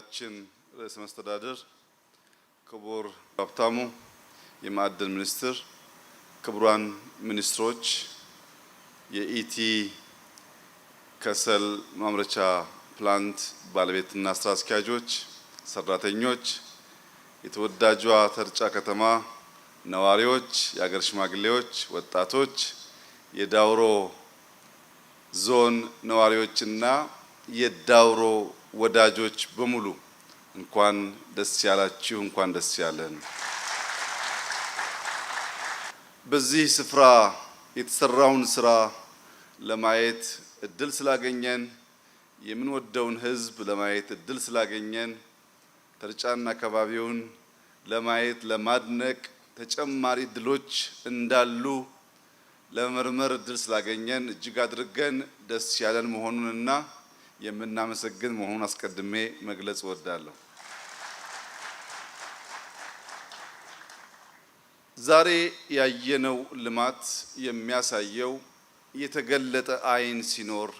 የክልላችን ርዕሰ መስተዳደር ክቡር ሀብታሙ፣ የማዕድን ሚኒስትር፣ ክቡራን ሚኒስትሮች፣ የኢቲ ከሰል ማምረቻ ፕላንት ባለቤትና ስራ አስኪያጆች፣ ሰራተኞች፣ የተወዳጇ ተርጫ ከተማ ነዋሪዎች፣ የአገር ሽማግሌዎች፣ ወጣቶች፣ የዳውሮ ዞን ነዋሪዎችና የዳውሮ ወዳጆች በሙሉ እንኳን ደስ ያላችሁ፣ እንኳን ደስ ያለን። በዚህ ስፍራ የተሰራውን ስራ ለማየት እድል ስላገኘን፣ የምንወደውን ህዝብ ለማየት እድል ስላገኘን፣ ተርጫና አካባቢውን ለማየት ለማድነቅ ተጨማሪ እድሎች እንዳሉ ለመመርመር እድል ስላገኘን እጅግ አድርገን ደስ ያለን መሆኑንና የምናመሰግን መሆኑን አስቀድሜ መግለጽ እወዳለሁ። ዛሬ ያየነው ልማት የሚያሳየው የተገለጠ አይን ሲኖር፣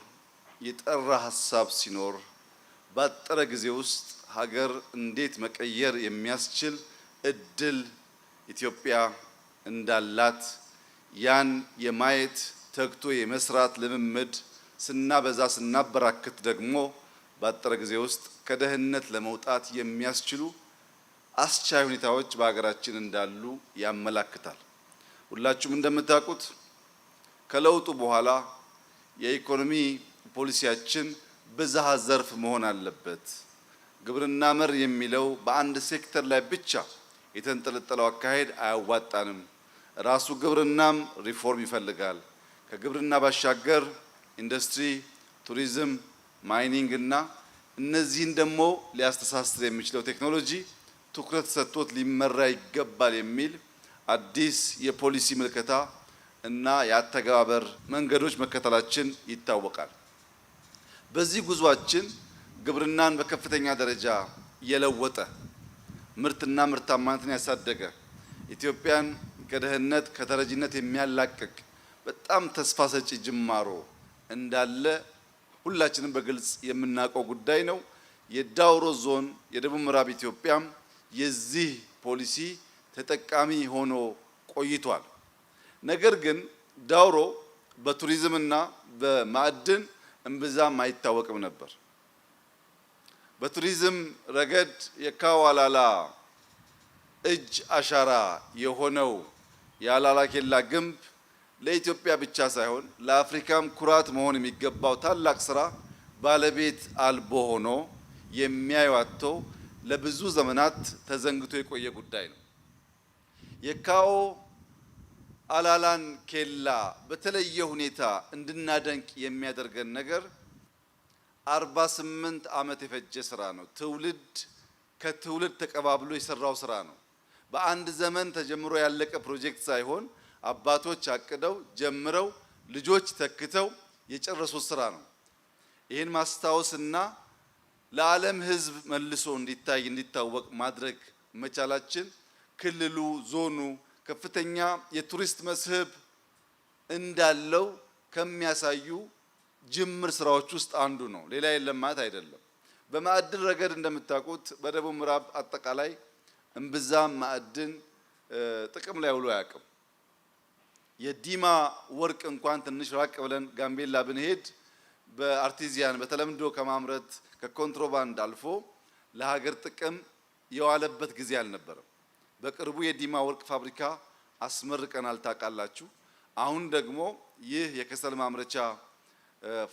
የጠራ ሀሳብ ሲኖር፣ ባጠረ ጊዜ ውስጥ ሀገር እንዴት መቀየር የሚያስችል እድል ኢትዮጵያ እንዳላት ያን የማየት ተግቶ የመስራት ልምምድ ስናበዛ ስናበራክት ደግሞ ባጠረ ጊዜ ውስጥ ከደህንነት ለመውጣት የሚያስችሉ አስቻይ ሁኔታዎች በሀገራችን እንዳሉ ያመላክታል። ሁላችሁም እንደምታውቁት ከለውጡ በኋላ የኢኮኖሚ ፖሊሲያችን ብዝሃ ዘርፍ መሆን አለበት። ግብርና መር የሚለው በአንድ ሴክተር ላይ ብቻ የተንጠለጠለው አካሄድ አያዋጣንም። ራሱ ግብርናም ሪፎርም ይፈልጋል። ከግብርና ባሻገር ኢንዱስትሪ፣ ቱሪዝም፣ ማይኒንግ እና እነዚህን ደግሞ ሊያስተሳስር የሚችለው ቴክኖሎጂ ትኩረት ሰጥቶት ሊመራ ይገባል የሚል አዲስ የፖሊሲ ምልከታ እና የአተገባበር መንገዶች መከተላችን ይታወቃል። በዚህ ጉዟችን ግብርናን በከፍተኛ ደረጃ የለወጠ ምርትና ምርታማነትን ያሳደገ ኢትዮጵያን ከድህነት ከተረጂነት የሚያላቅቅ በጣም ተስፋ ሰጪ ጅማሮ እንዳለ ሁላችንም በግልጽ የምናውቀው ጉዳይ ነው። የዳውሮ ዞን የደቡብ ምዕራብ ኢትዮጵያም የዚህ ፖሊሲ ተጠቃሚ ሆኖ ቆይቷል። ነገር ግን ዳውሮ በቱሪዝምና በማዕድን እምብዛም አይታወቅም ነበር። በቱሪዝም ረገድ የካዋላላ እጅ አሻራ የሆነው የአላላ ኬላ ግንብ ለኢትዮጵያ ብቻ ሳይሆን ለአፍሪካም ኩራት መሆን የሚገባው ታላቅ ስራ ባለቤት አልቦ ሆኖ የሚያዩዋቶ ለብዙ ዘመናት ተዘንግቶ የቆየ ጉዳይ ነው። የካኦ አላላን ኬላ በተለየ ሁኔታ እንድናደንቅ የሚያደርገን ነገር 48 ዓመት የፈጀ ስራ ነው። ትውልድ ከትውልድ ተቀባብሎ የሰራው ስራ ነው። በአንድ ዘመን ተጀምሮ ያለቀ ፕሮጀክት ሳይሆን አባቶች አቅደው ጀምረው ልጆች ተክተው የጨረሱት ስራ ነው። ይህን ማስታወስና ለዓለም ሕዝብ መልሶ እንዲታይ እንዲታወቅ ማድረግ መቻላችን ክልሉ፣ ዞኑ ከፍተኛ የቱሪስት መስህብ እንዳለው ከሚያሳዩ ጅምር ስራዎች ውስጥ አንዱ ነው። ሌላ የለም ማለት አይደለም። በማዕድን ረገድ እንደምታውቁት በደቡብ ምዕራብ አጠቃላይ እምብዛም ማዕድን ጥቅም ላይ ውሎ አያውቅም። የዲማ ወርቅ እንኳን ትንሽ ራቅ ብለን ጋምቤላ ብንሄድ በአርቲዚያን በተለምዶ ከማምረት ከኮንትሮባንድ አልፎ ለሀገር ጥቅም የዋለበት ጊዜ አልነበረም። በቅርቡ የዲማ ወርቅ ፋብሪካ አስመርቀናል፣ ታውቃላችሁ። አሁን ደግሞ ይህ የከሰል ማምረቻ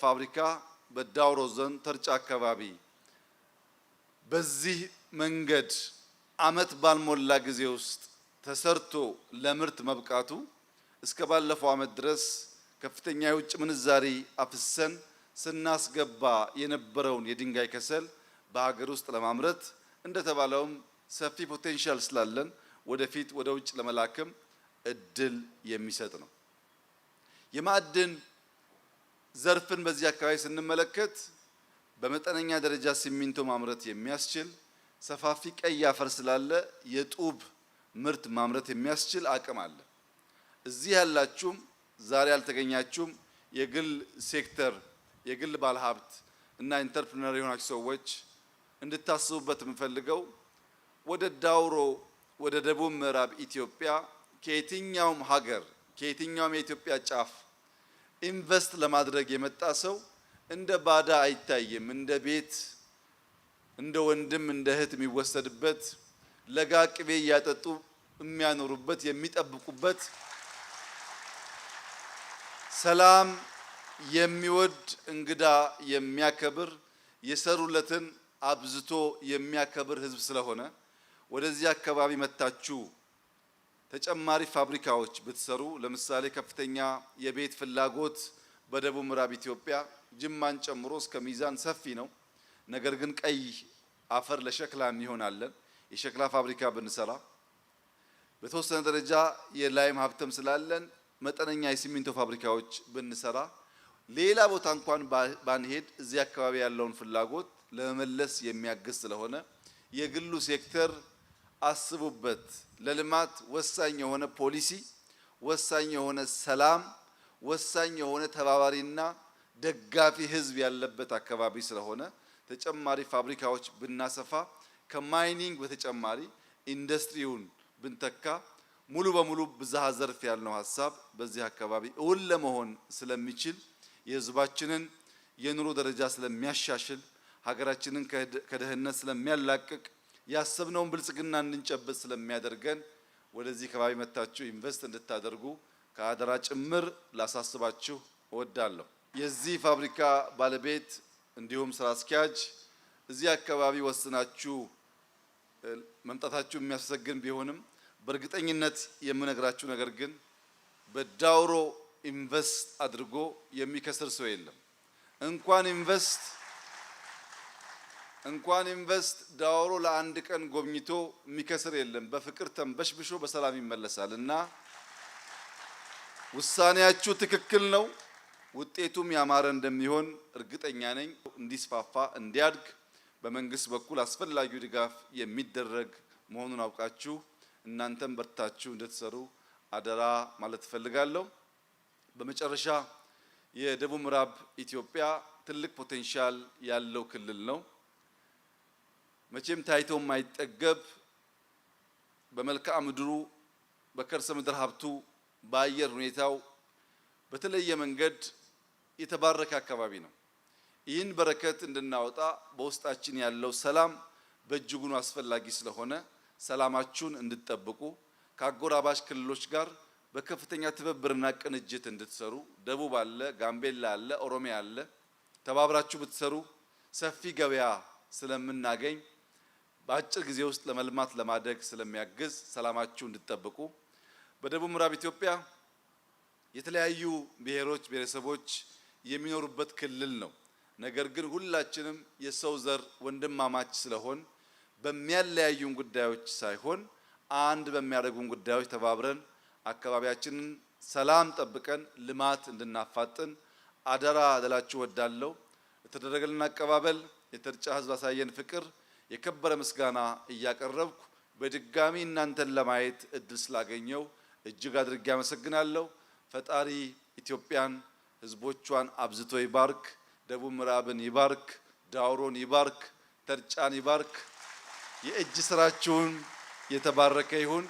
ፋብሪካ በዳውሮ ዞን ተርጫ አካባቢ በዚህ መንገድ አመት ባልሞላ ጊዜ ውስጥ ተሰርቶ ለምርት መብቃቱ እስከ ባለፈው ዓመት ድረስ ከፍተኛ የውጭ ምንዛሪ አፍሰን ስናስገባ የነበረውን የድንጋይ ከሰል በሀገር ውስጥ ለማምረት እንደተባለውም ሰፊ ፖቴንሻል ስላለን ወደፊት ወደ ውጭ ለመላክም እድል የሚሰጥ ነው። የማዕድን ዘርፍን በዚህ አካባቢ ስንመለከት በመጠነኛ ደረጃ ሲሚንቶ ማምረት የሚያስችል ሰፋፊ ቀይ አፈር ስላለ የጡብ ምርት ማምረት የሚያስችል አቅም አለ። እዚህ ያላችሁም ዛሬ ያልተገኛችሁም የግል ሴክተር የግል ባለሀብት እና ኢንተርፕሪነር የሆናችሁ ሰዎች እንድታስቡበት የምፈልገው ወደ ዳውሮ ወደ ደቡብ ምዕራብ ኢትዮጵያ ከየትኛውም ሀገር ከየትኛውም የኢትዮጵያ ጫፍ ኢንቨስት ለማድረግ የመጣ ሰው እንደ ባዳ አይታይም። እንደ ቤት፣ እንደ ወንድም፣ እንደ እህት የሚወሰድበት ለጋ ቅቤ እያጠጡ የሚያኖሩበት የሚጠብቁበት ሰላም የሚወድ እንግዳ የሚያከብር የሰሩለትን አብዝቶ የሚያከብር ህዝብ ስለሆነ ወደዚህ አካባቢ መታችሁ ተጨማሪ ፋብሪካዎች ብትሰሩ፣ ለምሳሌ ከፍተኛ የቤት ፍላጎት በደቡብ ምዕራብ ኢትዮጵያ ጅማን ጨምሮ እስከ ሚዛን ሰፊ ነው። ነገር ግን ቀይ አፈር ለሸክላ እንሆናለን። የሸክላ ፋብሪካ ብንሰራ በተወሰነ ደረጃ የላይም ሀብትም ስላለን መጠነኛ የሲሚንቶ ፋብሪካዎች ብንሰራ ሌላ ቦታ እንኳን ባንሄድ እዚህ አካባቢ ያለውን ፍላጎት ለመመለስ የሚያግዝ ስለሆነ የግሉ ሴክተር አስቡበት። ለልማት ወሳኝ የሆነ ፖሊሲ፣ ወሳኝ የሆነ ሰላም፣ ወሳኝ የሆነ ተባባሪና ደጋፊ ህዝብ ያለበት አካባቢ ስለሆነ ተጨማሪ ፋብሪካዎች ብናሰፋ ከማይኒንግ በተጨማሪ ኢንዱስትሪውን ብንተካ ሙሉ በሙሉ ብዝሃ ዘርፍ ያልነው ሀሳብ በዚህ አካባቢ እውን ለመሆን ስለሚችል የህዝባችንን የኑሮ ደረጃ ስለሚያሻሽል ሀገራችንን ከድህነት ስለሚያላቅቅ ያሰብነውን ብልጽግና እንድንጨብጥ ስለሚያደርገን ወደዚህ ከባቢ መታችሁ ኢንቨስት እንድታደርጉ ከአደራ ጭምር ላሳስባችሁ እወዳለሁ። የዚህ ፋብሪካ ባለቤት እንዲሁም ስራ አስኪያጅ እዚህ አካባቢ ወስናችሁ መምጣታችሁ የሚያሰግን ቢሆንም በእርግጠኝነት የምነግራችሁ ነገር ግን በዳውሮ ኢንቨስት አድርጎ የሚከስር ሰው የለም። እንኳን ኢንቨስት እንኳን ኢንቨስት ዳውሮ ለአንድ ቀን ጎብኝቶ የሚከስር የለም። በፍቅር ተንበሽብሾ በሰላም ይመለሳል እና ውሳኔያችሁ ትክክል ነው። ውጤቱም ያማረ እንደሚሆን እርግጠኛ ነኝ። እንዲስፋፋ እንዲያድግ በመንግስት በኩል አስፈላጊው ድጋፍ የሚደረግ መሆኑን አውቃችሁ እናንተም በርታችሁ እንድትሰሩ አደራ ማለት እፈልጋለሁ። በመጨረሻ የደቡብ ምዕራብ ኢትዮጵያ ትልቅ ፖቴንሻል ያለው ክልል ነው። መቼም ታይቶ የማይጠገብ በመልክዓ ምድሩ፣ በከርሰ ምድር ሀብቱ፣ በአየር ሁኔታው በተለየ መንገድ የተባረከ አካባቢ ነው። ይህን በረከት እንድናወጣ በውስጣችን ያለው ሰላም በእጅጉኑ አስፈላጊ ስለሆነ ሰላማችሁን እንድትጠብቁ ከአጎራባሽ ክልሎች ጋር በከፍተኛ ትብብርና ቅንጅት እንድትሰሩ ደቡብ አለ፣ ጋምቤላ አለ፣ ኦሮሚያ አለ። ተባብራችሁ ብትሰሩ ሰፊ ገበያ ስለምናገኝ በአጭር ጊዜ ውስጥ ለመልማት ለማደግ ስለሚያግዝ ሰላማችሁ እንድትጠብቁ። በደቡብ ምዕራብ ኢትዮጵያ የተለያዩ ብሔሮች፣ ብሔረሰቦች የሚኖሩበት ክልል ነው። ነገር ግን ሁላችንም የሰው ዘር ወንድማማች ስለሆን በሚያለያዩን ጉዳዮች ሳይሆን አንድ በሚያደርጉን ጉዳዮች ተባብረን አካባቢያችንን ሰላም ጠብቀን ልማት እንድናፋጥን አደራ ልላችሁ ወዳለው የተደረገልን አቀባበል፣ የተርጫ ህዝብ አሳየን ፍቅር የከበረ ምስጋና እያቀረብኩ በድጋሚ እናንተን ለማየት እድል ስላገኘው እጅግ አድርጌ አመሰግናለሁ። ፈጣሪ ኢትዮጵያን ህዝቦቿን አብዝቶ ይባርክ፣ ደቡብ ምዕራብን ይባርክ፣ ዳውሮን ይባርክ፣ ተርጫን ይባርክ። የእጅ ስራችሁን የተባረከ ይሁን።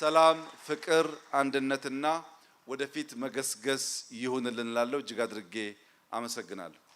ሰላም፣ ፍቅር፣ አንድነትና ወደፊት መገስገስ ይሁንልን እላለሁ። እጅግ አድርጌ አመሰግናለሁ።